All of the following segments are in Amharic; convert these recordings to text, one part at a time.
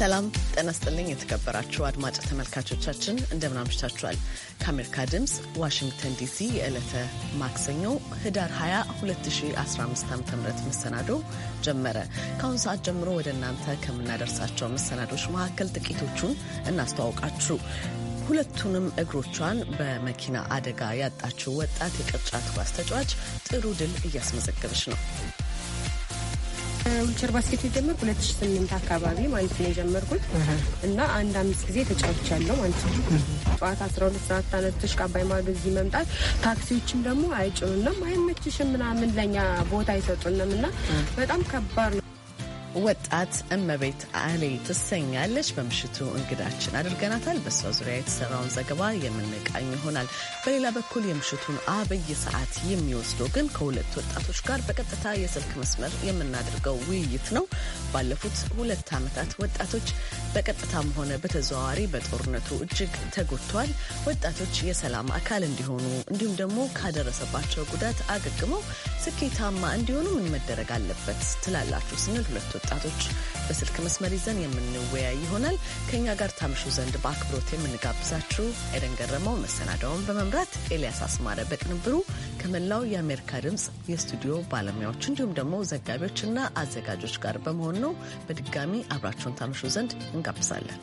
ሰላም ጤና ይስጥልኝ። የተከበራችሁ አድማጭ ተመልካቾቻችን እንደምን አምሽታችኋል? ከአሜሪካ ድምፅ ዋሽንግተን ዲሲ የዕለተ ማክሰኞ ህዳር 20 2015 ዓ ም መሰናዶ ጀመረ። ከአሁን ሰዓት ጀምሮ ወደ እናንተ ከምናደርሳቸው መሰናዶች መካከል ጥቂቶቹን እናስተዋውቃችሁ። ሁለቱንም እግሮቿን በመኪና አደጋ ያጣችው ወጣት የቅርጫት ኳስ ተጫዋች ጥሩ ድል እያስመዘገበች ነው። ከዊልቸር ባስኬት ጀመር ሁለት ሺ ስምንት አካባቢ ማለት ነው የጀመርኩት እና አንድ አምስት ጊዜ ተጫውቻለሁ ማለት ነው። ጠዋት አስራ ሁለት ሰዓት ታነቶች ከአባይ ማዶ እዚህ መምጣት ታክሲዎችም ደግሞ አይጭኑንም፣ አይመችሽም ምናምን ለኛ ቦታ አይሰጡንም እና በጣም ከባድ ነው። ወጣት እመቤት አሌ ትሰኛለች። በምሽቱ እንግዳችን አድርገናታል። በእሷ ዙሪያ የተሰራውን ዘገባ የምንቃኝ ይሆናል። በሌላ በኩል የምሽቱን አብይ ሰዓት የሚወስደው ግን ከሁለት ወጣቶች ጋር በቀጥታ የስልክ መስመር የምናደርገው ውይይት ነው። ባለፉት ሁለት ዓመታት ወጣቶች በቀጥታም ሆነ በተዘዋዋሪ በጦርነቱ እጅግ ተጎድተዋል። ወጣቶች የሰላም አካል እንዲሆኑ እንዲሁም ደግሞ ካደረሰባቸው ጉዳት አገግመው ስኬታማ እንዲሆኑ ምን መደረግ አለበት ትላላችሁ ስንል ሁለቱ ወጣቶች በስልክ መስመር ይዘን የምንወያይ ይሆናል። ከእኛ ጋር ታምሹ ዘንድ በአክብሮት የምንጋብዛችሁ ኤደን ገረመው፣ መሰናዳውን በመምራት ኤልያስ አስማረ በቅንብሩ ከመላው የአሜሪካ ድምፅ የስቱዲዮ ባለሙያዎች እንዲሁም ደግሞ ዘጋቢዎችና አዘጋጆች ጋር በመሆን ነው። በድጋሚ አብራችሁን ታምሹ ዘንድ እንጋብዛለን።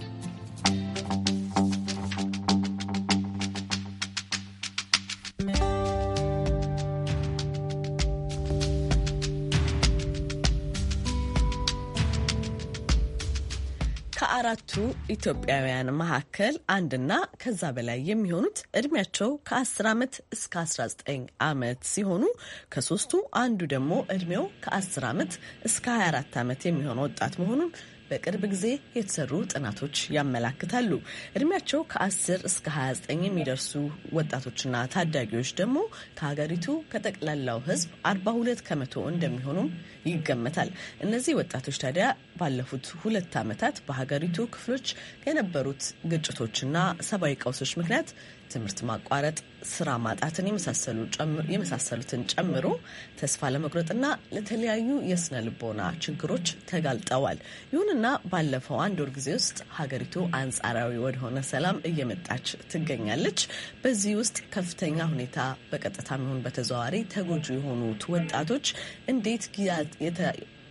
ከአራቱ ኢትዮጵያውያን መካከል አንድና ከዛ በላይ የሚሆኑት እድሜያቸው ከ10 ዓመት እስከ 19 ዓመት ሲሆኑ ከሶስቱ አንዱ ደግሞ እድሜው ከ10 ዓመት እስከ 24 ዓመት የሚሆነ ወጣት መሆኑን በቅርብ ጊዜ የተሰሩ ጥናቶች ያመላክታሉ። እድሜያቸው ከ10 እስከ 29 የሚደርሱ ወጣቶችና ታዳጊዎች ደግሞ ከሀገሪቱ ከጠቅላላው ሕዝብ 42 ከመቶ እንደሚሆኑም ይገመታል። እነዚህ ወጣቶች ታዲያ ባለፉት ሁለት ዓመታት በሀገሪቱ ክፍሎች የነበሩት ግጭቶችና ሰብአዊ ቀውሶች ምክንያት ትምህርት ማቋረጥ፣ ስራ ማጣትን የመሳሰሉትን ጨምሮ ተስፋ ለመቁረጥና ለተለያዩ የስነ ልቦና ችግሮች ተጋልጠዋል። ይሁንና ባለፈው አንድ ወር ጊዜ ውስጥ ሀገሪቱ አንጻራዊ ወደሆነ ሰላም እየመጣች ትገኛለች። በዚህ ውስጥ ከፍተኛ ሁኔታ በቀጥታ የሚሆን በተዘዋዋሪ ተጎጂ የሆኑት ወጣቶች እንዴት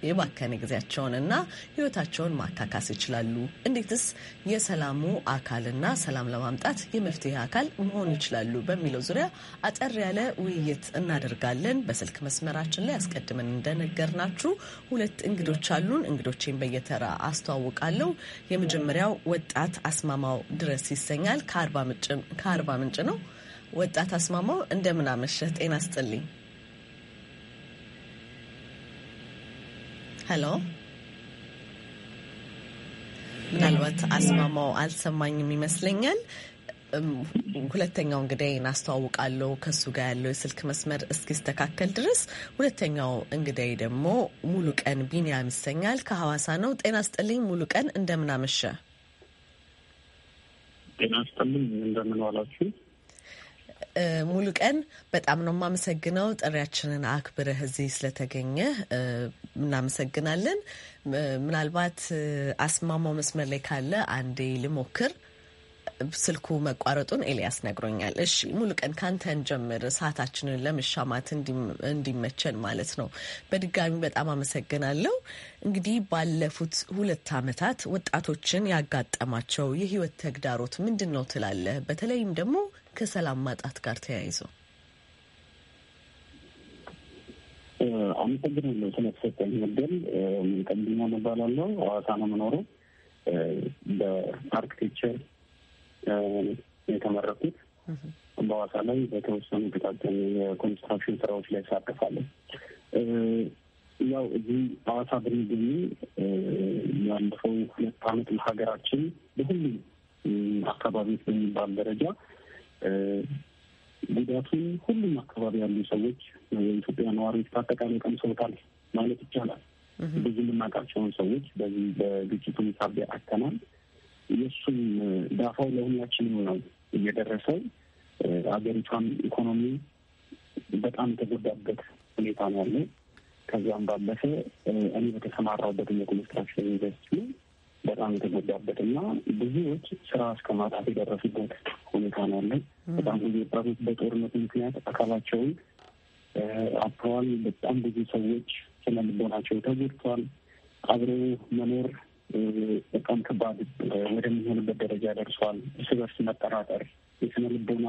የባከነ ጊዜያቸውንና ህይወታቸውን ማካካስ ይችላሉ? እንዴትስ የሰላሙ አካልና ሰላም ለማምጣት የመፍትሄ አካል መሆን ይችላሉ? በሚለው ዙሪያ አጠር ያለ ውይይት እናደርጋለን። በስልክ መስመራችን ላይ አስቀድመን እንደነገርናችሁ ሁለት እንግዶች አሉን። እንግዶቼን በየተራ አስተዋውቃለሁ። የመጀመሪያው ወጣት አስማማው ድረስ ይሰኛል። ከአርባ ምንጭ ነው። ወጣት አስማማው እንደምን አመሸህ? ጤና ስጥልኝ። ሄሎ ምናልባት አስማማው አልሰማኝም ይመስለኛል። ሁለተኛው እንግዲ እናስተዋውቃለሁ። ከሱ ጋር ያለው የስልክ መስመር እስኪስተካከል ድረስ ሁለተኛው እንግዳይ ደግሞ ሙሉ ቀን ቢንያም ይሰኛል። ከሐዋሳ ነው። ጤና ስጥልኝ ሙሉ ቀን እንደምን አመሸ? ጤና ስጥልኝ እንደምን ዋላችሁ? ሙሉ ቀን በጣም ነው የማመሰግነው። ጥሪያችንን አክብረህ እዚህ ስለተገኘ እናመሰግናለን። ምናልባት አስማማው መስመር ላይ ካለ አንዴ ልሞክር። ስልኩ መቋረጡን ኤልያስ ነግሮኛል። እሺ ሙሉ ቀን ካንተን ጀምር፣ ሰዓታችንን ለመሻማት እንዲመቸን ማለት ነው። በድጋሚ በጣም አመሰግናለሁ። እንግዲህ ባለፉት ሁለት ዓመታት ወጣቶችን ያጋጠማቸው የህይወት ተግዳሮት ምንድን ነው ትላለህ? በተለይም ደግሞ ከሰላም ማጣት ጋር ተያይዞ? አመሰግናለሁ ስለተሰጠኝ መገል ቀንዲኛ መባላለው ሐዋሳ ነው የምኖረው። በአርክቴክቸር የተመረኩት በሐዋሳ ላይ በተወሰኑ ጥቃቅን የኮንስትራክሽን ስራዎች ላይ እሳተፋለሁ። ያው እዚህ ሐዋሳ ብንገኝ ያለፈው ሁለት አመት ለሀገራችን በሁሉም አካባቢዎች በሚባል ደረጃ ጉዳቱን ሁሉም አካባቢ ያሉ ሰዎች የኢትዮጵያ ነዋሪዎች በአጠቃላይ ቀምሰውታል ማለት ይቻላል። ብዙ የምናውቃቸውን ሰዎች በዚህ በግጭቱ ሳቢያ አተናል። የእሱም ዳፋው ለሁላችንም ነው እየደረሰው። አገሪቷን ኢኮኖሚ በጣም የተጎዳበት ሁኔታ ነው ያለው። ከዚያም ባለፈ እኔ በተሰማራሁበት የኮንስትራክሽን ኢንዱስትሪ በጣም የተጎዳበት እና ብዙዎች ስራ እስከ ማጣት የደረሱበት ሁኔታ ነው ያለን። በጣም ብዙ ወጣቶች በጦርነቱ ምክንያት አካላቸውን አጥተዋል። በጣም ብዙ ሰዎች ስነ ልቦናቸው ተጎድቷል። አብሮ መኖር በጣም ከባድ ወደሚሆንበት ደረጃ ደርሷል። እርስ በርስ መጠራጠር፣ የስነ ልቦና፣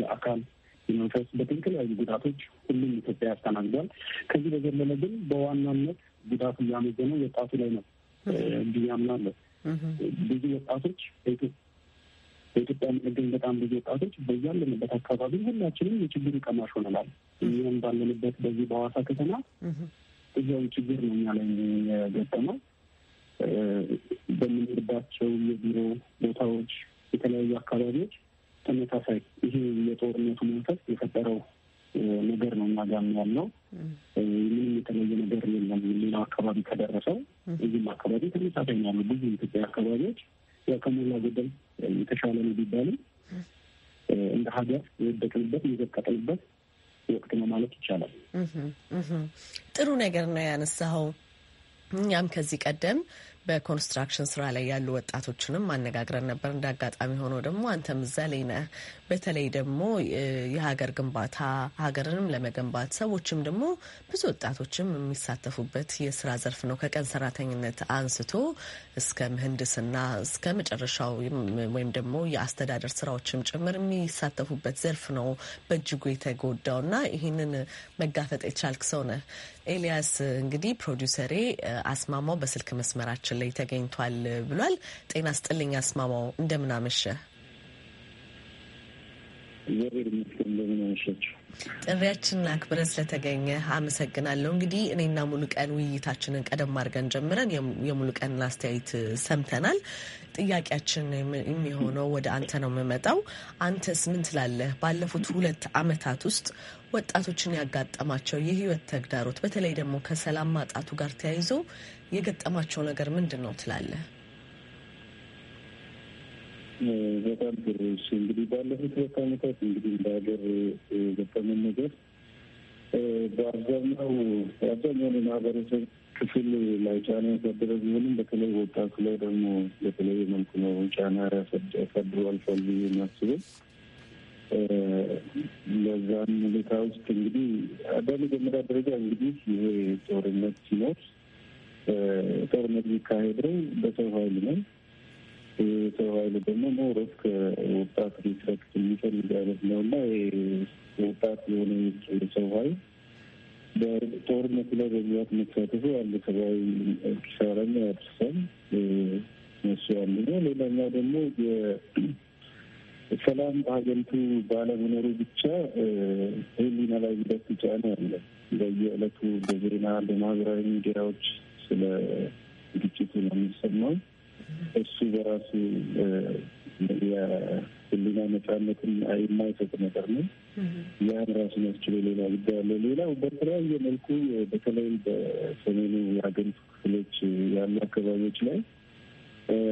የአካል የመንፈስ በተለያዩ ጉዳቶች ሁሉም ኢትዮጵያ ያስተናግዷል። ከዚህ በዘለለ ግን በዋናነት ጉዳቱ እያመዘነው ወጣቱ ላይ ነው። ብዬ አምናለሁ። ብዙ ወጣቶች በኢትዮጵያ የምንገኝ በጣም ብዙ ወጣቶች በያለንበት አካባቢ ሁላችንም የችግሩ ቀማሽ ሆነናል። እኛም ባለንበት በዚህ በሐዋሳ ከተማ እዚያውን ችግር ነው እኛ ላይ የገጠመው። በምንሄድባቸው የቢሮ ቦታዎች፣ የተለያዩ አካባቢዎች ተመሳሳይ ይሄ የጦርነቱ መንፈስ የፈጠረው ነገር ነው እኛ ጋም ያለው። ምንም የተለየ ነገር የለም። ሌላው አካባቢ ከደረሰው እዚህም አካባቢ ተመሳሳይ ነው ብዙ ኢትዮጵያ አካባቢዎች ያው ከሞላ ጎደል የተሻለ ነው ቢባልም እንደ ሀገር የወደቅንበት የዘቀጥንበት ወቅት ነው ማለት ይቻላል። ጥሩ ነገር ነው ያነሳኸው። እኛም ከዚህ ቀደም በኮንስትራክሽን ስራ ላይ ያሉ ወጣቶችንም አነጋግረን ነበር። እንደ አጋጣሚ ሆኖ ደግሞ አንተም እዛ ላይ ነህ። በተለይ ደግሞ የሀገር ግንባታ ሀገርንም ለመገንባት ሰዎችም ደግሞ ብዙ ወጣቶችም የሚሳተፉበት የስራ ዘርፍ ነው። ከቀን ሰራተኝነት አንስቶ እስከ ምህንድስና እስከ መጨረሻው ወይም ደግሞ የአስተዳደር ስራዎችም ጭምር የሚሳተፉበት ዘርፍ ነው በእጅጉ የተጎዳውና ይህንን መጋፈጥ የቻልክ ሰው ነህ ኤልያስ። እንግዲህ ፕሮዲውሰሬ አስማማው በስልክ መስመራችን መስመራችን ላይ ተገኝቷል ብሏል። ጤና ስጥልኝ አስማማው፣ አመሸ? ጥሪያችንን አክብረን ስለተገኘ አመሰግናለሁ። እንግዲህ እኔና ሙሉቀን ውይይታችንን ቀደም አድርገን ጀምረን የሙሉቀንን አስተያየት ሰምተናል። ጥያቄያችን የሚሆነው ወደ አንተ ነው የምመጣው። አንተስ ምን ትላለህ? ባለፉት ሁለት አመታት ውስጥ ወጣቶችን ያጋጠማቸው የህይወት ተግዳሮት በተለይ ደግሞ ከሰላም ማጣቱ ጋር ተያይዞ የገጠማቸው ነገር ምንድን ነው ትላለህ? በጣም ጥሩ። እሺ እንግዲህ ባለፉት ሁለት አመታት እንግዲህ እንደ ሀገር የገጠመን ነገር በአብዛኛው አብዛኛውን ማህበረሰብ ክፍል ላይ ጫና ያሳደረ ቢሆንም በተለይ ወጣቱ ላይ ደግሞ በተለየ መልኩ ነው ጫና ያሳድሩ አልፏል ብዬ የማስበው። ለዛም ሁኔታ ውስጥ እንግዲህ በመጀመሪያ ደረጃ እንግዲህ ይሄ ጦርነት ሲኖር ጦርነት የሚካሄደው በሰው ኃይል ነው። ሰው ኃይል ደግሞ ኖሮት ከወጣት ሪትረክት የሚፈልግ አይነት ነው እና ወጣት የሆነ የሰው ኃይል በጦርነቱ ላይ በብዛት መሳተፉ አንድ ሰብአዊ ኪሳራም ያደርሳል። እሱ ነው። ሌላኛው ደግሞ የሰላም በሀገሪቱ ባለመኖሩ ብቻ ህሊና ላይ ጉዳት ጫና አለ። በየዕለቱ በዜና በማህበራዊ ሚዲያዎች ስለ ግጭቱ ነው የሚሰማው። እሱ በራሱ ህሊና ነጻነትን የማይሰጥ ነገር ነው። ያን ራሱ መስችሎ ሌላ ጉዳይ አለ። ሌላው በተለያየ መልኩ በተለይ በሰሜኑ የሀገሪቱ ክፍሎች ያሉ አካባቢዎች ላይ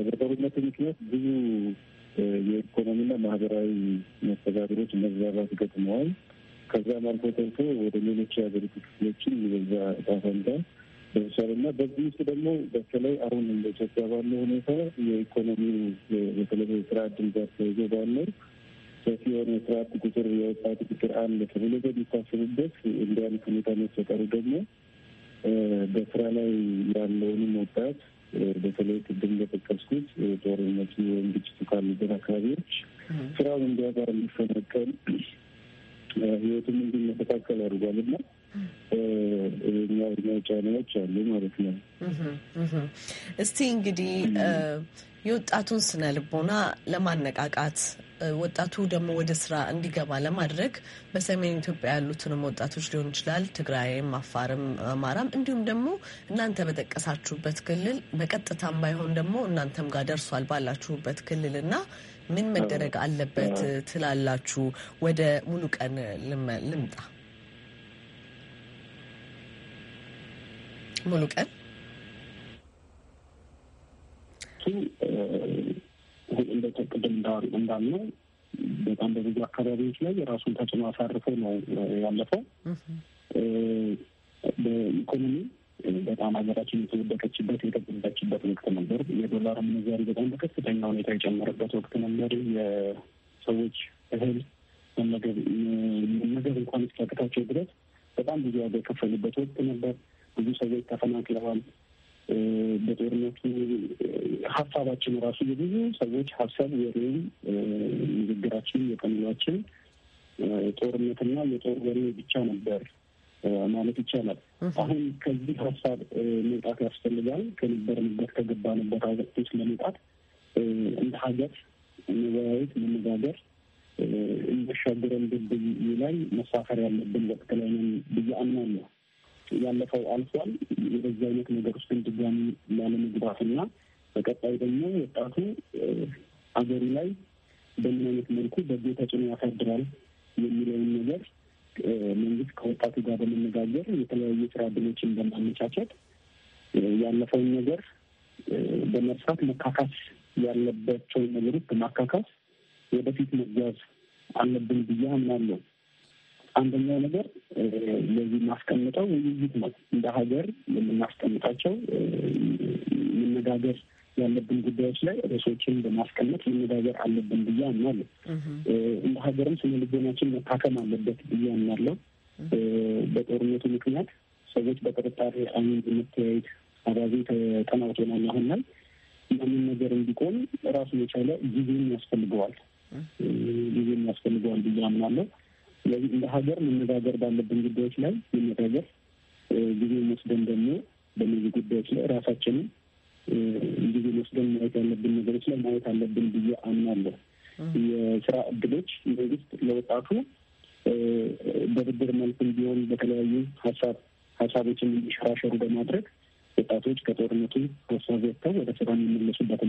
በጦርነቱ ምክንያት ብዙ የኢኮኖሚና ማህበራዊ መስተጋብሮች መዛባት ገጥመዋል። ከዛም አልፎ ተርፎ ወደ ሌሎች የሀገሪቱ ክፍሎችን በዛ ጣፈንታ ብቻል እና በዚህ ውስጥ ደግሞ በተለይ አሁን እንደ ኢትዮጵያ ባለው ሁኔታ የኢኮኖሚ በተለይ የስራ እድል ጋር ተይዞ ባለው ሰፊ የሆነ የስራ አጥ ቁጥር የወጣት ቁጥር አለ ተብሎ በሚታሰብበት እንዲያን ሁኔታ መፈጠሩ ደግሞ በስራ ላይ ያለውንም ወጣት በተለይ ቅድም በጠቀስኩት ጦርነቱ ወይም ግጭቱ ካሉበት አካባቢዎች ስራውን እንዲያጋር እንዲፈነቀል ህይወቱም እንዲመተካከል አድርጓል እና የኛ ጫናዎች አሉ ማለት ነው። እስቲ እንግዲህ የወጣቱን ስነ ልቦና ለማነቃቃት ወጣቱ ደግሞ ወደ ስራ እንዲገባ ለማድረግ በሰሜን ኢትዮጵያ ያሉትንም ወጣቶች ሊሆን ይችላል፣ ትግራይም፣ አፋርም፣ አማራም እንዲሁም ደግሞ እናንተ በጠቀሳችሁበት ክልል በቀጥታም ባይሆን ደግሞ እናንተም ጋር ደርሷል ባላችሁበት ክልል እና ምን መደረግ አለበት ትላላችሁ? ወደ ሙሉ ቀን ልምጣ ሙሉ ቀን ቅድም እንዳልነው በጣም በብዙ አካባቢዎች ላይ የራሱን ተጽዕኖ አሳርፎ ነው ያለፈው። በኢኮኖሚ በጣም ሀገራችን የተወደቀችበት የተጎዳችበት ወቅት ነበር። የዶላር ምንዛሪ በጣም በከፍተኛ ሁኔታ የጨመረበት ወቅት ነበር። የሰዎች እህል መመገብ እንኳን እስኪያቅታቸው ድረስ በጣም ብዙ ዋጋ የከፈሉበት ወቅት ነበር። ብዙ ሰዎች ተፈናቅለዋል። በጦርነቱ ሀሳባችን ራሱ የብዙ ሰዎች ሀሳብ ወሬም ንግግራችን የቀንሏችን ጦርነትና የጦር ወሬ ብቻ ነበር ማለት ይቻላል። አሁን ከዚህ ሀሳብ መውጣት ያስፈልጋል። ከነበርንበት ከገባንበት አዘቅት ለመውጣት እንደ ሀገር መወያየት፣ መነጋገር እንደሻገረን ድልድይ ላይ መሳፈር ያለብን ወቅት ላይ ብዬ አምናለሁ። ያለፈው አልፏል። የበዚህ አይነት ነገር ውስጥ ድጋሚ ላለመግባትና በቀጣይ ደግሞ ወጣቱ አገሩ ላይ በምን አይነት መልኩ በጎ ተጽዕኖ ያሳድራል የሚለውን ነገር መንግስት ከወጣቱ ጋር በመነጋገር የተለያዩ ስራ እድሎችን በማመቻቸት ያለፈውን ነገር በመርሳት መካካስ ያለባቸውን ነገሮች በማካካስ ወደፊት መጓዝ አለብን ብዬ አምናለሁ። አንደኛው ነገር ለዚህ የማስቀምጠው ውይይት ነው። እንደ ሀገር የምናስቀምጣቸው መነጋገር ያለብን ጉዳዮች ላይ ርዕሶችን በማስቀመጥ መነጋገር አለብን ብዬ አምናለሁ። እንደ ሀገርም ስነ ልቦናችን መታከም አለበት ብዬ አምናለሁ። በጦርነቱ ምክንያት ሰዎች በጥርጣሬ አይን በመተያየት አባዚ ተጠናውቶናል። አሁን ላይ ያንን ነገር እንዲቆም ራሱ የቻለ ጊዜም ያስፈልገዋል ጊዜም ያስፈልገዋል ብዬ አምናለሁ። ስለዚህ እንደ ሀገር መነጋገር ባለብን ጉዳዮች ላይ መነጋገር፣ ጊዜ ወስደን ደግሞ በእነዚህ ጉዳዮች ላይ ራሳችንም ጊዜ ወስደን ማየት ያለብን ነገሮች ላይ ማየት አለብን ብዬ አምናለሁ። የስራ እድሎች መንግስት ለወጣቱ በብድር መልኩ ቢሆን በተለያዩ ሀሳብ ሀሳቦችን እንዲሸራሸሩ በማድረግ ወጣቶች ከጦርነቱ ሀሳብ ወጥተው ወደ ስራ የሚመለሱበት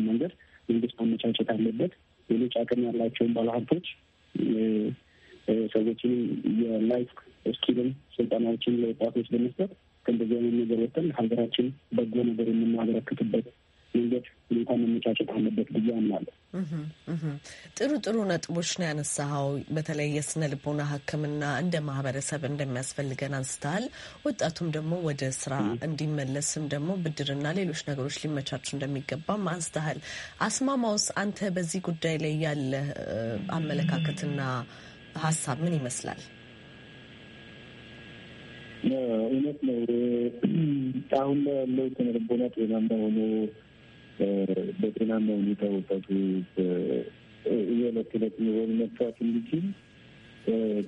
ጥሩ ነጥቦች ነው ያነሳኸው። በተለይ የስነ ልቦና ሕክምና እንደ ማህበረሰብ እንደሚያስፈልገን አንስተሃል። ወጣቱም ደግሞ ወደ ስራ እንዲመለስም ደግሞ ብድርና ሌሎች ነገሮች ሊመቻቹ እንደሚገባም አንስተሃል። አስማማውስ አንተ በዚህ ጉዳይ ላይ ያለ አመለካከትና ሀሳብ ምን ይመስላል? እውነት ነው። አሁን ላይ ያለው ስነ ልቦና ጤናማ ሆኖ በጤናማ ሁኔታ ወጣቱ የዕለት ዕለት ኑሮን መፍታት እንዲችል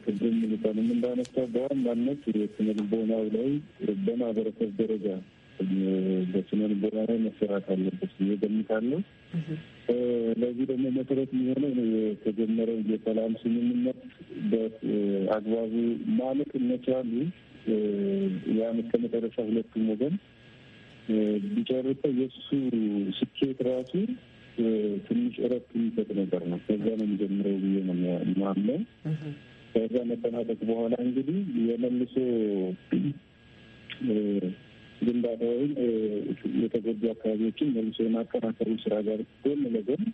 ቅድም ልጠንም እንዳነሳው በዋናነት የስነ ልቦናው ላይ በማህበረሰብ ደረጃ በስነ ልቦና ላይ መሰራት አለበት ብዬ ለዚህ ደግሞ መሰረት የሚሆነው የተጀመረው የሰላም ስምምነት በአግባቡ ማለት መቻሉ ያን እስከ ሁለቱም ወገን ቢጨርሰው የእሱ ስኬት ራሱ ትንሽ እረፍት የሚሰጥ ነገር ነው። ከዛ ነው የሚጀምረው ብዬ ነው ማምለው። ከዛ መጠናቀቅ በኋላ እንግዲህ የመልሶ ግንባታ ወይም የተጎዱ አካባቢዎችን መልሶ የማቀናከሩ ስራ ጋር ጎን ለጎን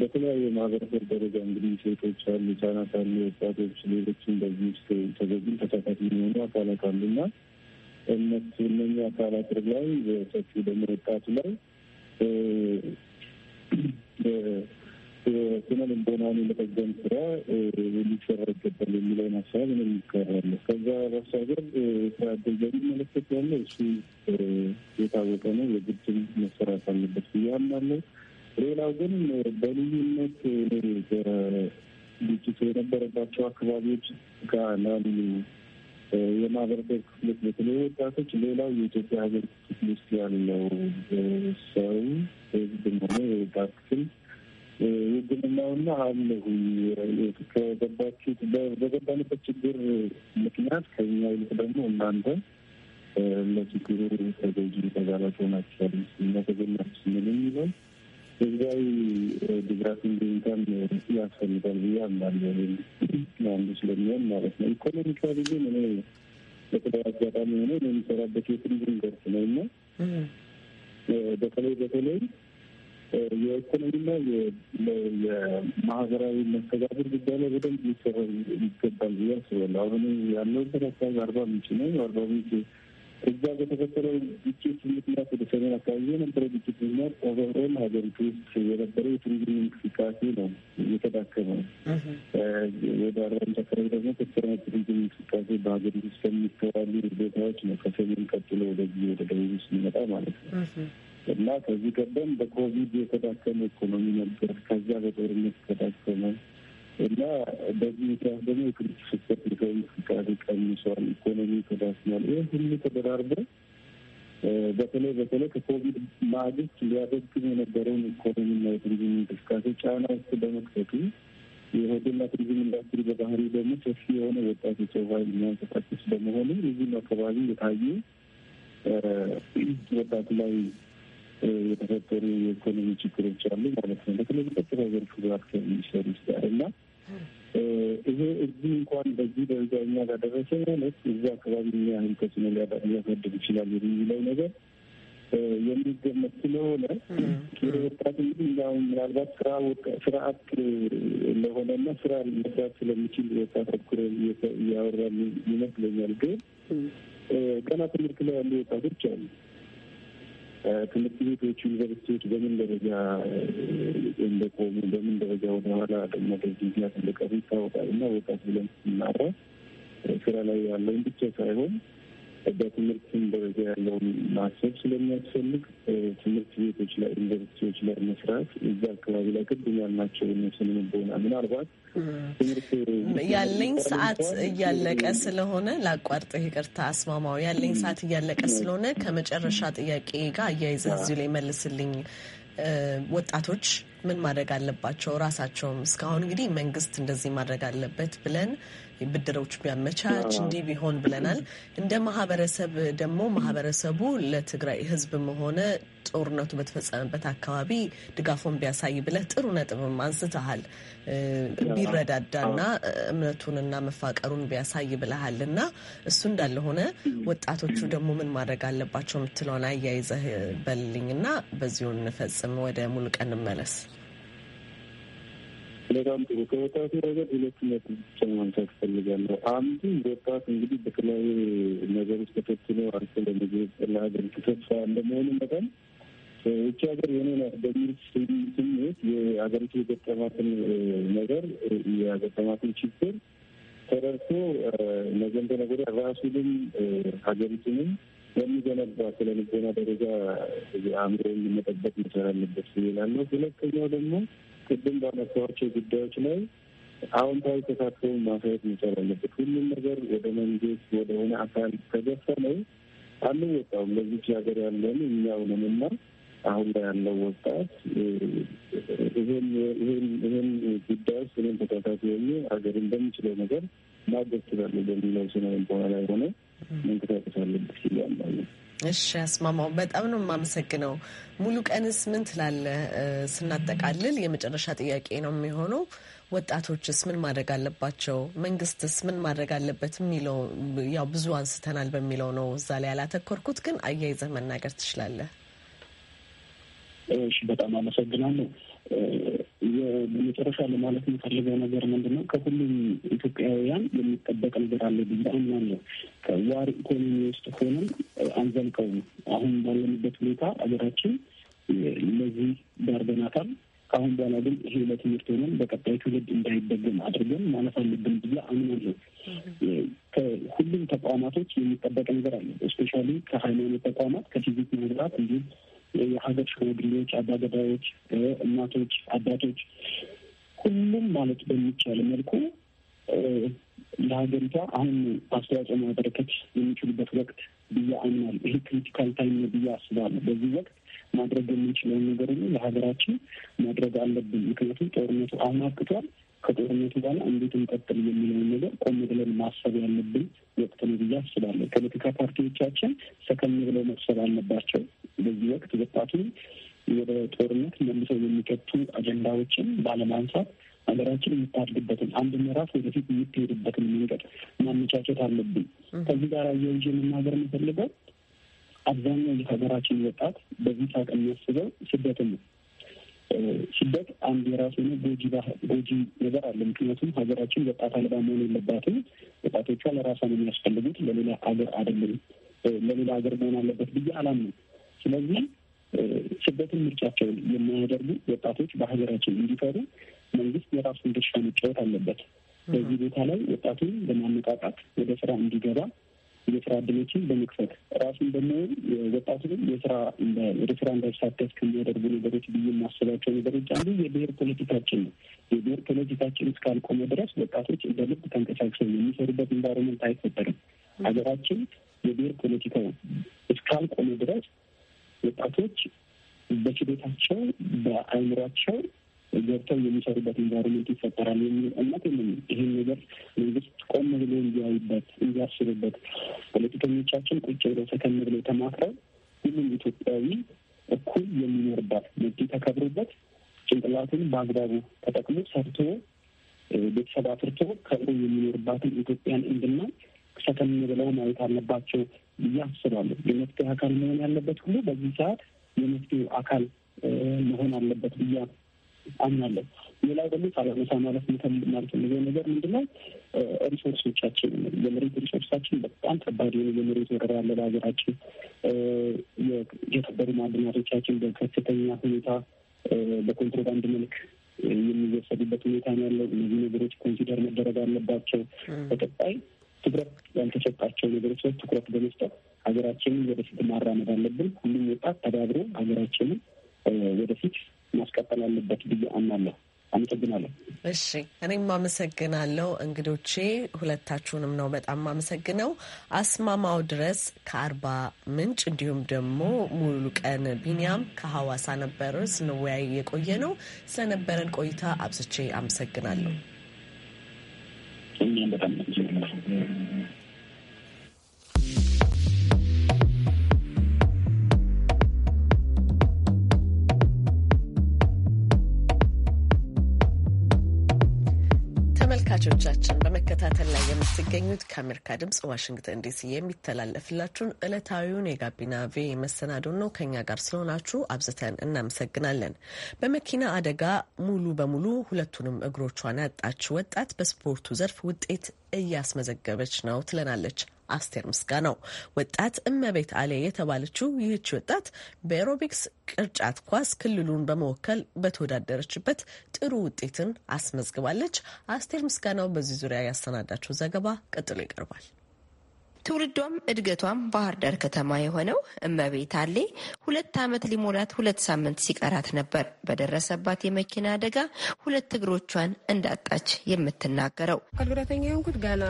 በተለያዩ ማህበረሰብ ደረጃ እንግዲህ ሴቶች አሉ፣ ህጻናት አሉ፣ ወጣቶች፣ ሌሎችም በዚህ ውስጥ ተጎዱ ተሳታፊ የሚሆኑ አካላት አሉና እነሱ እነኛ አካላት ላይ ሰፊ ደግሞ ወጣቱ ላይ ስነ ልቦናውን የመጠገም ስራ ሊሰራ ይገባል የሚለውን ሀሳብ ነው የሚቀራለሁ። ከዛ ባሻገር ስራደገ መለከት ያለ እሱ የታወቀ ነው፣ የግድም መሰራት አለበት ብዬ አምናለሁ። ሌላው ግን በልዩነት ግጭት የነበረባቸው አካባቢዎች ጋር ላሉ የማህበረሰብ ክፍሎች በተለይ ወጣቶች፣ ሌላው የኢትዮጵያ ሀገር ክፍል ውስጥ ያለው ሰው ህዝብም ሆነ የወጣት ክፍል ውግንናውና አለሁ ከገባችሁት በገባንበት ችግር ምክንያት ከኛ ይልቅ ደግሞ እናንተ ለችግሩ ተገዥ ተጋላጮ ሆናችኋል እና ተገላችሁ ስንል የሚለው ህዝባዊ ድጋፍ እንዲንታም ያስፈልጋል ብዬ አምናለሁ። አንዱ ስለሚሆን ማለት ነው። ኢኮኖሚካሊ ግን እኔ በተለይ አጋጣሚ ሆነ የሚሰራበት የትንግን ገርፍ ነው እና በተለይ በተለይ የኢኮኖሚና የማህበራዊ መስተጋብር ጉዳይ ላይ በደንብ ሊሰራ ይገባል ብዬ አስባለሁ። አሁን ያለውበት አካባቢ አርባ ምንጭ ነው። አርባ ምንጭ እዛ በተፈጠረው ግጭት ምክንያት ወደ ሰሜን አካባቢ የነበረው ግጭት ምክንያት ኦቨሮል ሀገሪቱ ውስጥ የነበረው የቱሪዝም እንቅስቃሴ ነው እየተዳከመ ወደ አርባምንጭ አካባቢ ደግሞ ከፍተኛ ቱሪዝም እንቅስቃሴ በሀገሪቱ ውስጥ ከሚተዋሉ ቦታዎች ነው ከሰሜን ቀጥሎ ወደዚህ ወደ ደቡብ ውስጥ ይመጣ ማለት ነው እና ከዚህ ቀደም በኮቪድ የተዳከመ ኢኮኖሚ ነበር። ከዚያ በጦርነት የተዳከመ እና በዚህ ምክንያት ደግሞ የክልል ስፖርት ሊሰሩ ፍቃድ ቀንሷል፣ ኢኮኖሚ ተዳስሟል። ይህ ሁሉ ተደራርቦ በተለይ በተለይ ከኮቪድ ማግስት ሊያደግም የነበረውን ኢኮኖሚና የቱሪዝም እንቅስቃሴ ጫና ውስጥ በመክተቱ የሆቴልና ቱሪዝም ኢንዳስትሪ በባህሪ ደግሞ ሰፊ የሆነ ወጣት የሰው ኃይል የሚያንቀሳቅስ በመሆኑ እዚህም አካባቢ የታዩ ወጣቱ ላይ የተፈጠሩ የኢኮኖሚ ችግሮች አሉ ማለት ነው። በተለይ በቀጥታ ዘርፍ ዛት ከሚሰሩ ስጋር እና ይሄ እዚህ እንኳን በዚህ ደረጃ እኛ ጋር ደረሰ ማለት እዚህ አካባቢ ምን ያህል ተጽዕኖ ሊያሳድር ይችላል የሚለው ነገር የሚገመት ስለሆነ ቄሮ ወጣት እንግዲህ እንዲሁም ምናልባት ስራ ስራ አጥ ለሆነና ስራ መስራት ስለሚችል ወጣት ተኩረ እያወራ ይመስለኛል። ግን ገና ትምህርት ላይ ያሉ ወጣቶች አሉ ትምህርት ቤቶች፣ ዩኒቨርሲቲዎች በምን ደረጃ እንደቆሙ በምን ደረጃ ወደኋላ መደጊያ እንደቀሩ ይታወቃል እና ወጣት ብለን ስናረ ስራ ላይ ያለውን ብቻ ሳይሆን በትምህርትም ደረጃ ያለውን ማሰብ ስለሚያስፈልግ ትምህርት ቤቶች ላይ ዩኒቨርሲቲዎች ላይ መስራት እዛ አካባቢ ላይ ቅድም ያልናቸው ስንምቦና ምናልባት ያለኝ ሰዓት እያለቀ ስለሆነ ላቋርጥህ፣ ይቅርታ አስማማው። ያለኝ ሰዓት እያለቀ ስለሆነ ከመጨረሻ ጥያቄ ጋር አያይዘ እዚሁ ላይ መልስልኝ። ወጣቶች ምን ማድረግ አለባቸው? ራሳቸውም እስካሁን እንግዲህ መንግስት እንደዚህ ማድረግ አለበት ብለን ብድሮች ቢያመቻች እንዲህ ቢሆን ብለናል። እንደ ማህበረሰብ ደግሞ ማህበረሰቡ ለትግራይ ህዝብም ሆነ ጦርነቱ በተፈጸመበት አካባቢ ድጋፉን ቢያሳይ ብለህ ጥሩ ነጥብም አንስተሃል። ቢረዳዳና እምነቱንና መፋቀሩን ቢያሳይ ብለሃል እና እሱ እንዳለ ሆነ ወጣቶቹ ደግሞ ምን ማድረግ አለባቸው የምትለውን አያይዘህ በልልኝ እና በዚሁ እንፈጽም። ወደ ሙሉቀን እንመለስ። በጣም ጥሩ። ከወጣቱ ረገድ ሁለት ነጥብ ብቻ ማንሳት እፈልጋለሁ። አንዱ ወጣት እንግዲህ በተለያዩ ነገሮች ተፈትኖ አርሶ ለምግብ ለሀገር ተስፋ እንደመሆኑ መጠን ውጭ ሀገር የሆነ በሚል ስሜት የሀገሪቱ የገጠማትን ነገር የገጠማትን ችግር ተረድቶ ነገን ተነገ ራሱንም ሀገሪቱንም የሚገነባ ስለ ልቦና ደረጃ አእምሮ የሚመጠበቅ መቻል አለበት ይላለው። ሁለተኛው ደግሞ ቅድም ባነሳኋቸው ጉዳዮች ላይ አዎንታዊ ተሳትፎ ማሳየት መቻል አለበት። ሁሉም ነገር ወደ መንግስት ወደ ሆነ አካል ከገሰነ አንወጣውም። ለዚች ሀገር ያለን እኛው ነን እና አሁን ላይ ያለው ወጣት ይህን ጉዳይ ውስጥ እኔም ተሳታፊ ሆኜ ሀገርን በሚችለው ነገር ማገዝ ትላለህ በሚለው ስነ ልቦና ላይ ሆነ መንቀሳቀስ አለበት ያለ እሺ አስማማው በጣም ነው የማመሰግነው። ሙሉ ቀንስ ምን ትላለ? ስናጠቃልል የመጨረሻ ጥያቄ ነው የሚሆነው ወጣቶችስ ምን ማድረግ አለባቸው? መንግስትስ ምን ማድረግ አለበት? የሚለው ያው ብዙ አንስተናል በሚለው ነው እዛ ላይ ያላተኮርኩት፣ ግን አያይዘህ መናገር ትችላለህ። እሺ በጣም አመሰግናለሁ። የመጨረሻ ለማለት የምፈልገው ነገር ምንድን ነው? ከሁሉም ኢትዮጵያውያን የሚጠበቅ ነገር አለ ብዬ አምናለሁ። ከዋር ኢኮኖሚ ውስጥ ሆነን አንዘልቀውም። አሁን ባለንበት ሁኔታ ሀገራችን ለዚህ ዳርገናታል። ከአሁን በኋላ ግን ይሄ ለትምህርት ሆነን በቀጣይ ትውልድ እንዳይደገም አድርገን ማለፍ አለብን ብዬ አምናለሁ። ከሁሉም ተቋማቶች የሚጠበቅ ነገር አለ። እስፔሻሊ ከሃይማኖት ተቋማት፣ ከፊዚክ ማህበራት እንዲሁም የሀገር ሽማግሌዎች፣ አባገዳዮች፣ እናቶች፣ አባቶች ሁሉም ማለት በሚቻል መልኩ ለሀገሪቷ አሁን አስተዋጽኦ ማበረከት የሚችሉበት ወቅት ብዬ አምናለሁ። ይሄ ክሪቲካል ታይም ነው ብዬ አስባለሁ። በዚህ ወቅት ማድረግ የምንችለውን ነገር ሁሉ ለሀገራችን ማድረግ አለብን። ምክንያቱም ጦርነቱ አሁን አብቅቷል። ከጦርነቱ በኋላ እንዴት እንቀጥል የሚለውን ነገር ቆም ብለን ማሰብ ያለብን ወቅት ነው ብዬ አስባለሁ። ፖለቲካ ፓርቲዎቻችን ሰከም ብለው መሰብ አለባቸው። በዚህ ወቅት ወጣቱ ወደ ጦርነት መልሰው የሚቀጡ አጀንዳዎችን ባለማንሳት ሀገራችን የምታድግበትን አንድ ምዕራፍ ወደፊት የምትሄድበትን መንገድ ማመቻቸት አለብን። ከዚህ ጋር አያይዤ መናገር የምፈልገው አብዛኛው የሀገራችን ወጣት በዚህ ሳቅ የሚያስበው ስደትን ነው። ስደት አንድ የራሱ ሆነ ጎጂ ጎጂ ነገር አለ። ምክንያቱም ሀገራችን ወጣት አልባ መሆን የለባትም። ወጣቶቿ ለራሷ ነው የሚያስፈልጉት፣ ለሌላ ሀገር አይደለም። ለሌላ ሀገር መሆን አለበት ብዬ አላምንም። ስለዚህ ስደትን ምርጫቸውን የማያደርጉ ወጣቶች በሀገራችን እንዲፈሩ መንግስት የራሱን ድርሻ መጫወት አለበት። በዚህ ቦታ ላይ ወጣቱን በማነቃቃት ወደ ስራ እንዲገባ የስራ እድሎችን በመክፈት ራሱን በመሆን ወጣቱ የስራ ወደ ስራ እንዳይሳተፍ ከሚያደርጉ ነገሮች ብዬ የማስባቸው ነገሮች አንዱ የብሔር ፖለቲካችን ነው። የብሔር ፖለቲካችን እስካልቆመ ድረስ ወጣቶች እንደ ልብ ተንቀሳቅሰው የሚሰሩበት ኢንቫይሮመንት አይፈጠርም። ሀገራችን የብሔር ፖለቲካው እስካልቆመ ድረስ ወጣቶች በችሎታቸው በአይምሯቸው ገብተው የሚሰሩበት ኢንቫይሮንመንት ይፈጠራል የሚል እምነት የለም። ይህን ነገር መንግስት ቆም ብሎ እንዲያይበት እንዲያስብበት፣ ፖለቲከኞቻችን ቁጭ ብለው ሰከን ብለው ተማክረው ሁሉም ኢትዮጵያዊ እኩል የሚኖርባት መብት ተከብሮበት ጭንቅላቱን በአግባቡ ተጠቅሞ ሰርቶ ቤተሰብ አፍርቶ ከብሮ የሚኖርባትን ኢትዮጵያን እንድናይ ሸተም ብለው ማየት አለባቸው ብዬ አስባለሁ። የመፍትሄ አካል መሆን ያለበት ሁሉ በዚህ ሰዓት የመፍትሄ አካል መሆን አለበት ብዬ አምናለሁ። ሌላው ደግሞ ሳላነሳ ማለት ማለት የምፈልገው ነገር ምንድነው፣ ሪሶርሶቻችን የመሬት ሪሶርሶቻችን በጣም ከባድ የሆነ የመሬት ወረር ያለ በሀገራችን የከበሩ ማዕድናቶቻችን በከፍተኛ ሁኔታ በኮንትሮባንድ መልክ የሚወሰዱበት ሁኔታ ነው ያለው። እነዚህ ነገሮች ኮንሲደር መደረግ አለባቸው በቀጣይ ትኩረት ያልተሰጣቸው ነገሮች ላይ ትኩረት በመስጠት ሀገራችንን ወደፊት ማራመድ አለብን። ሁሉም ወጣት ተባብሮ ሀገራችንን ወደፊት ማስቀጠል አለበት ብዬ አምናለሁ። አመሰግናለሁ። እሺ እኔም አመሰግናለሁ። እንግዶቼ ሁለታችሁንም ነው በጣም አመሰግነው። አስማማው ድረስ ከአርባ ምንጭ እንዲሁም ደግሞ ሙሉ ቀን ቢኒያም ከሀዋሳ ነበር ስንወያይ የቆየ ነው። ስለነበረን ቆይታ አብዝቼ አመሰግናለሁ። በጣም ተመልካቾቻችን በመከታተል ላይ የምትገኙት ከአሜሪካ ድምጽ ዋሽንግተን ዲሲ የሚተላለፍላችሁን ዕለታዊውን የጋቢና ቬ መሰናዶ ነው። ከኛ ጋር ስለሆናችሁ አብዝተን እናመሰግናለን። በመኪና አደጋ ሙሉ በሙሉ ሁለቱንም እግሮቿን ያጣች ወጣት በስፖርቱ ዘርፍ ውጤት እያስመዘገበች ነው ትለናለች አስቴር ምስጋናው ወጣት እመቤት አሌ የተባለችው ይህች ወጣት በኤሮቢክስ ቅርጫት ኳስ ክልሉን በመወከል በተወዳደረችበት ጥሩ ውጤትን አስመዝግባለች። አስቴር ምስጋናው በዚህ ዙሪያ ያሰናዳችው ዘገባ ቀጥሎ ይቀርባል። ትውልዷም እድገቷም ባህር ዳር ከተማ የሆነው እመቤት አሌ ሁለት ዓመት ሊሞላት ሁለት ሳምንት ሲቀራት ነበር በደረሰባት የመኪና አደጋ ሁለት እግሮቿን እንዳጣች የምትናገረው። አካል ጉዳተኛ የሆንኩት ገና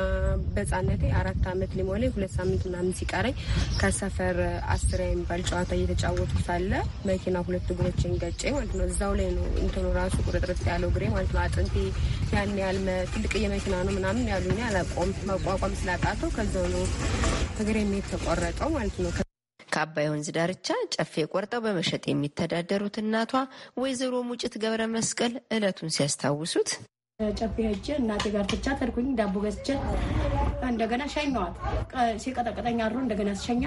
በሕፃነቴ አራት ዓመት ሊሞላኝ ሁለት ሳምንት ምናምን ሲቀረኝ ከሰፈር አስር የሚባል ጨዋታ እየተጫወትኩ ሳለ መኪና ሁለት እግሮችን ገጬ ማለት ነው። እዛው ላይ ነው እንትኑ ራሱ ቁርጥርጥ ያለው እግሬ ማለት ነው። አጥንቴ ያን ያህል ትልቅ የመኪና ነው ምናምን ያሉኝ አላቆም መቋቋም ስላጣተው ከዛው ነው እግሬ የተቆረጠው ማለት ነው። ከአባይ ወንዝ ዳርቻ ጨፌ ቆርጠው በመሸጥ የሚተዳደሩት እናቷ ወይዘሮ ሙጭት ገብረ መስቀል እለቱን ሲያስታውሱት ጨፌ ሄጄ እናቴ ጋር ትቻት ሄድኩኝ። ዳቦ ገዝቼ እንደገና ሸኘዋት። ሲቀጠቅጠኝ አድሮ እንደገና ስሸኛ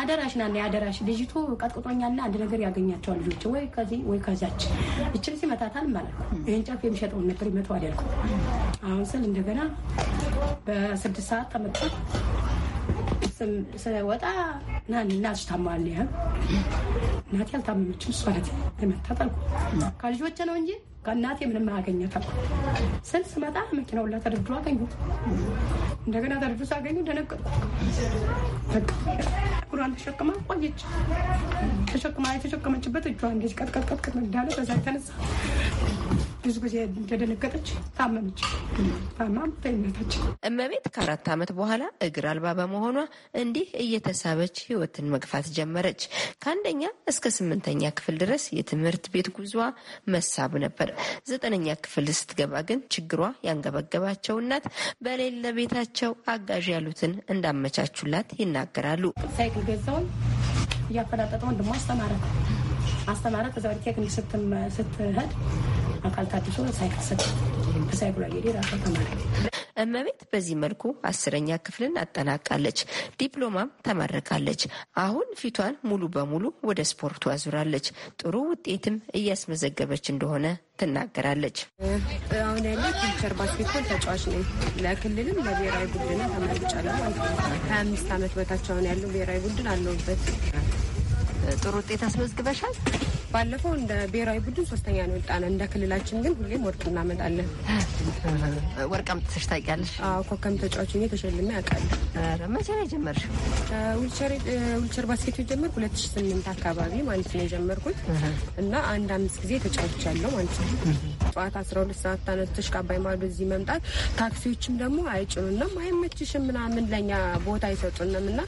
አደራሽ ና የአደራሽ ልጅቱ ቀጥቅጦኛለ አንድ ነገር ያገኛቸዋል ልጆች ወይ ከዚህ ወይ ከዛች እችን ሲመታታል ማለት ነው። ይህን ጨፍ የሚሸጠውን ነበር ይመቱ አደልኩ። አሁን ስል እንደገና በስድስት ሰዓት ተመጣ ስወጣ ና እናትሽ ታማዋል። ያህል እናቴ አልታመመችም። እሷ ናት የመታት አልኩ። ከልጆቼ ነው እንጂ ከእናቴ ምንም አያገኘትም ስል ስመጣ መኪናው ሁላ ተደርድሮ አገኙት። እንደገና ተደርድሮ ሳገኙ ደነገጥኩ። እግሯን ተሸክማ ቆየች። ተሸክማ የተሸከመችበት እጇ እንደዚህ ቀጥቀጥቀጥቀጥ እንዳለ በዛ የተነሳ ብዙ ጊዜ እንደደነገጠች ታመመች። ታማም ተኝታችን። እመቤት ከአራት ዓመት በኋላ እግር አልባ በመሆኗ እንዲህ እየተሳበች ህይወትን መግፋት ጀመረች። ከአንደኛ እስከ ስምንተኛ ክፍል ድረስ የትምህርት ቤት ጉዟ መሳብ ነበር። ዘጠነኛ ክፍል ስትገባ ግን ችግሯ ያንገበገባቸው እናት በሌለ ቤታቸው አጋዥ ያሉትን እንዳመቻቹላት ይናገራሉ። ሳይክል ገዛውን እያፈላጠጠ ወንድሞ አስተማረ አስተማረ ከዛ ቴክኒክ ስትሄድ አካል ታድሶ ሳይከሰት በሳይኮሎጂ ራሷ ተማሪ እመቤት በዚህ መልኩ አስረኛ ክፍልን አጠናቃለች። ዲፕሎማም ተመርቃለች። አሁን ፊቷን ሙሉ በሙሉ ወደ ስፖርቱ አዙራለች። ጥሩ ውጤትም እያስመዘገበች እንደሆነ ትናገራለች። አሁን ያለ ፊቸር ባስኬትቦል ተጫዋች ነኝ። ለክልልም ለብሔራዊ ቡድን ተመርጫለሁ። ሀያ አምስት ዓመት በታች አሁን ያለው ብሔራዊ ቡድን አለውበት። ጥሩ ውጤት አስመዝግበሻል። ባለፈው እንደ ብሔራዊ ቡድን ሶስተኛ ነው ወጣን። እንደ ክልላችን ግን ሁሌም ወርቅ እናመጣለን። ወርቅ አምጥተሽ ታውቂያለሽ? አዎ፣ ተጫዋች ሆኜ ተሸልሜ አውቃለሁ። መቼ ነው የጀመርሽው? ዊልቸር ባስኬት ጀመር ሁለት ሺ ስምንት አካባቢ ማለት ነው የጀመርኩት እና አንድ አምስት ጊዜ ተጫውቻለሁ ማለት ነው። ጠዋት 12 ሰዓት ተነስተሽ ከአባይ ማዶ እዚህ መምጣት ታክሲዎችም ደግሞ አይጭኑንም፣ አይመችሽም ምናምን ለኛ ቦታ አይሰጡንም እና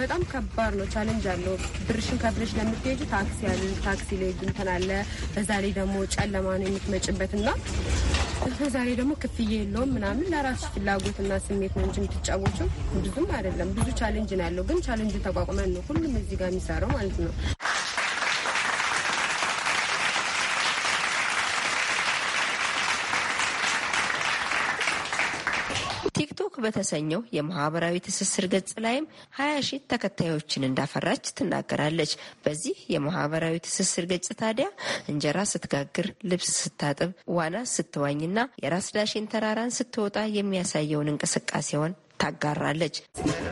በጣም ከባድ ነው። ቻለንጅ አለው። ብርሽን ከብርሽ ለምትሄጁ ታክሲ ያሉ ታክሲ ላይ እንትን አለ። በዛ ላይ ደግሞ ጨለማ ነው የምትመጭበት እና ላይ ደግሞ ክፍያ የለውም ምናምን ለራሱ ፍላጎትና ስሜት ነው እንጂ የምትጫወችው ብዙም አይደለም። ብዙ ቻለንጅ ነው ያለው፣ ግን ቻለንጅ ተቋቁመን ነው ሁሉም እዚህ ጋር የሚሰራው ማለት ነው። ቲክቶክ በተሰኘው የማህበራዊ ትስስር ገጽ ላይም ሀያ ሺ ተከታዮችን እንዳፈራች ትናገራለች። በዚህ የማህበራዊ ትስስር ገጽ ታዲያ እንጀራ ስትጋግር፣ ልብስ ስታጥብ፣ ዋና ስትዋኝና የራስ ዳሽን ተራራን ስትወጣ የሚያሳየውን እንቅስቃሴውን ታጋራለች።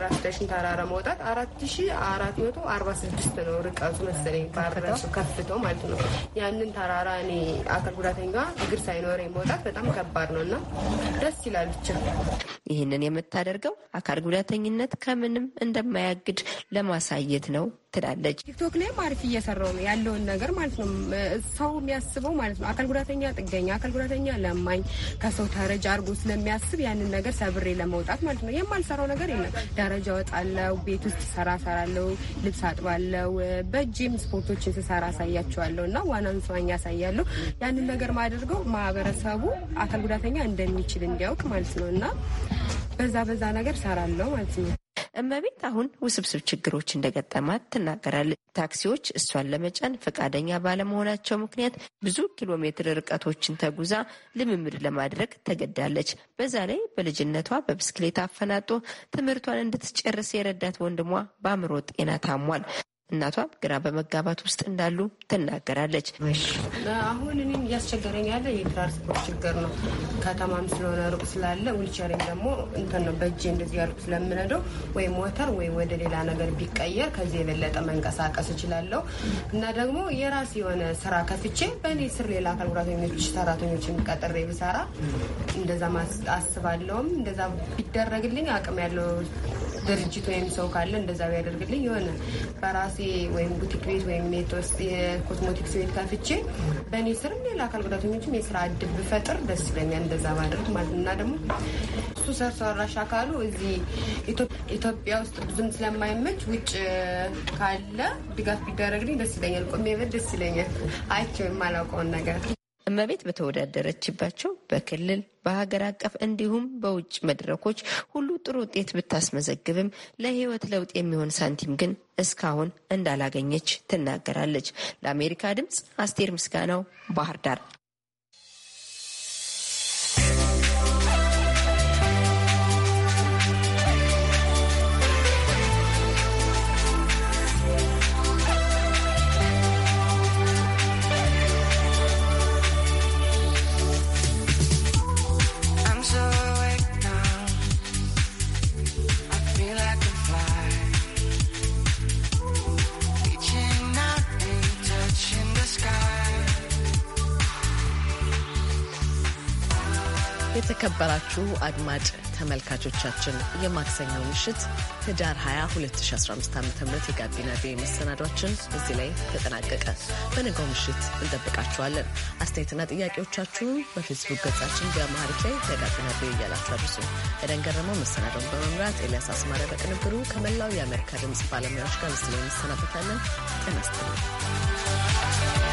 ራሽን ተራራ መውጣት አራት ሺ አራት መቶ አርባ ስድስት ነው ርቀቱ መሰለኝ ባረሱ ከፍቶ ማለት ነው። ያንን ተራራ እኔ አካል ጉዳተኛ እግር ሳይኖረኝ መውጣት በጣም ከባድ ነው እና ደስ ይላል ብቻ ይህንን የምታደርገው አካል ጉዳተኝነት ከምንም እንደማያግድ ለማሳየት ነው ትላለች። ቲክቶክ ላይም አሪፍ እየሰራው ነው ያለውን ነገር ማለት ነው ሰው የሚያስበው ማለት ነው። አካል ጉዳተኛ ጥገኛ፣ አካል ጉዳተኛ ለማኝ፣ ከሰው ተረጅ አድርጎ ስለሚያስብ ያንን ነገር ሰብሬ ለመውጣት ማለት ነው የማልሰራው ነገር የለም። ደረጃ ወጣለው፣ ቤት ውስጥ ሰራ ሰራለው፣ ልብስ አጥባለው፣ በእጅም ስፖርቶችን ስሰራ አሳያቸዋለሁ እና ዋናን ሰዋኝ ያሳያለሁ። ያንን ነገር ማደርገው ማህበረሰቡ አካል ጉዳተኛ እንደሚችል እንዲያውቅ ማለት ነው እና በዛ በዛ ነገር ሰራለው ማለት ነው። እመቤት አሁን ውስብስብ ችግሮች እንደገጠማት ትናገራለች። ታክሲዎች እሷን ለመጫን ፈቃደኛ ባለመሆናቸው ምክንያት ብዙ ኪሎ ሜትር ርቀቶችን ተጉዛ ልምምድ ለማድረግ ተገዳለች። በዛ ላይ በልጅነቷ በብስክሌት አፈናጦ ትምህርቷን እንድትጨርስ የረዳት ወንድሟ በአእምሮ ጤና ታሟል። እናቷም ግራ በመጋባት ውስጥ እንዳሉ ትናገራለች። አሁን እኔም እያስቸገረኝ ያለ የትራንስፖርት ችግር ነው። ከተማም ስለሆነ ሩቅ ስላለ ዊልቸሪም ደግሞ እንትን ነው በእጄ እንደዚህ ያሉት ስለምነደው ወይ ሞተር ወይ ወደ ሌላ ነገር ቢቀየር ከዚህ የበለጠ መንቀሳቀስ እችላለሁ እና ደግሞ የራስ የሆነ ስራ ከፍቼ በእኔ ስር ሌላ አካል ጉዳተኞች ሰራተኞችን ቀጥሬ ብሰራ እንደዛ አስባለሁም። እንደዛ ቢደረግልኝ አቅም ያለው ድርጅት ወይም ሰው ካለ እንደዛ ቢያደርግልኝ የሆነ በራስ ራሴ ወይም ቡቲክ ቤት ወይም የኮስሞቲክስ ቤት ከፍቼ በእኔ ስር ሌላ አካል ጉዳተኞችም የስራ እድል ብፈጥር ደስ ይለኛል። እንደዛ ማድረግ ማለት እና ደግሞ እሱ ሰራሽ አካሉ እዚህ ኢትዮጵያ ውስጥ ብዙም ስለማይመች ውጭ ካለ ድጋፍ ቢደረግልኝ ደስ ይለኛል። ቆሜበት ደስ ይለኛል። አይቼው የማላውቀውን ነገር እመቤት በተወዳደረችባቸው በክልል በሀገር አቀፍ እንዲሁም በውጭ መድረኮች ሁሉ ጥሩ ውጤት ብታስመዘግብም ለሕይወት ለውጥ የሚሆን ሳንቲም ግን እስካሁን እንዳላገኘች ትናገራለች። ለአሜሪካ ድምፅ አስቴር ምስጋናው ባህር ዳር የተከበራችሁ አድማጭ ተመልካቾቻችን የማክሰኛው ምሽት ህዳር 20 2015 ዓ ም የጋቢና ቤ መሰናዷችን እዚህ ላይ ተጠናቀቀ። በነገው ምሽት እንጠብቃችኋለን። አስተያየትና ጥያቄዎቻችሁን በፌስቡክ ገጻችን ቢያማሪክ ላይ ለጋቢና ቤ እያላችሁ አድርሱ። ኤደን ገረመው መሰናዳውን በመምራት ኤልያስ አስማረ በቅንብሩ ከመላው የአሜሪካ ድምፅ ባለሙያዎች ጋር እዚህ ላይ እንሰናበታለን። ጤና ይስጥልኝ።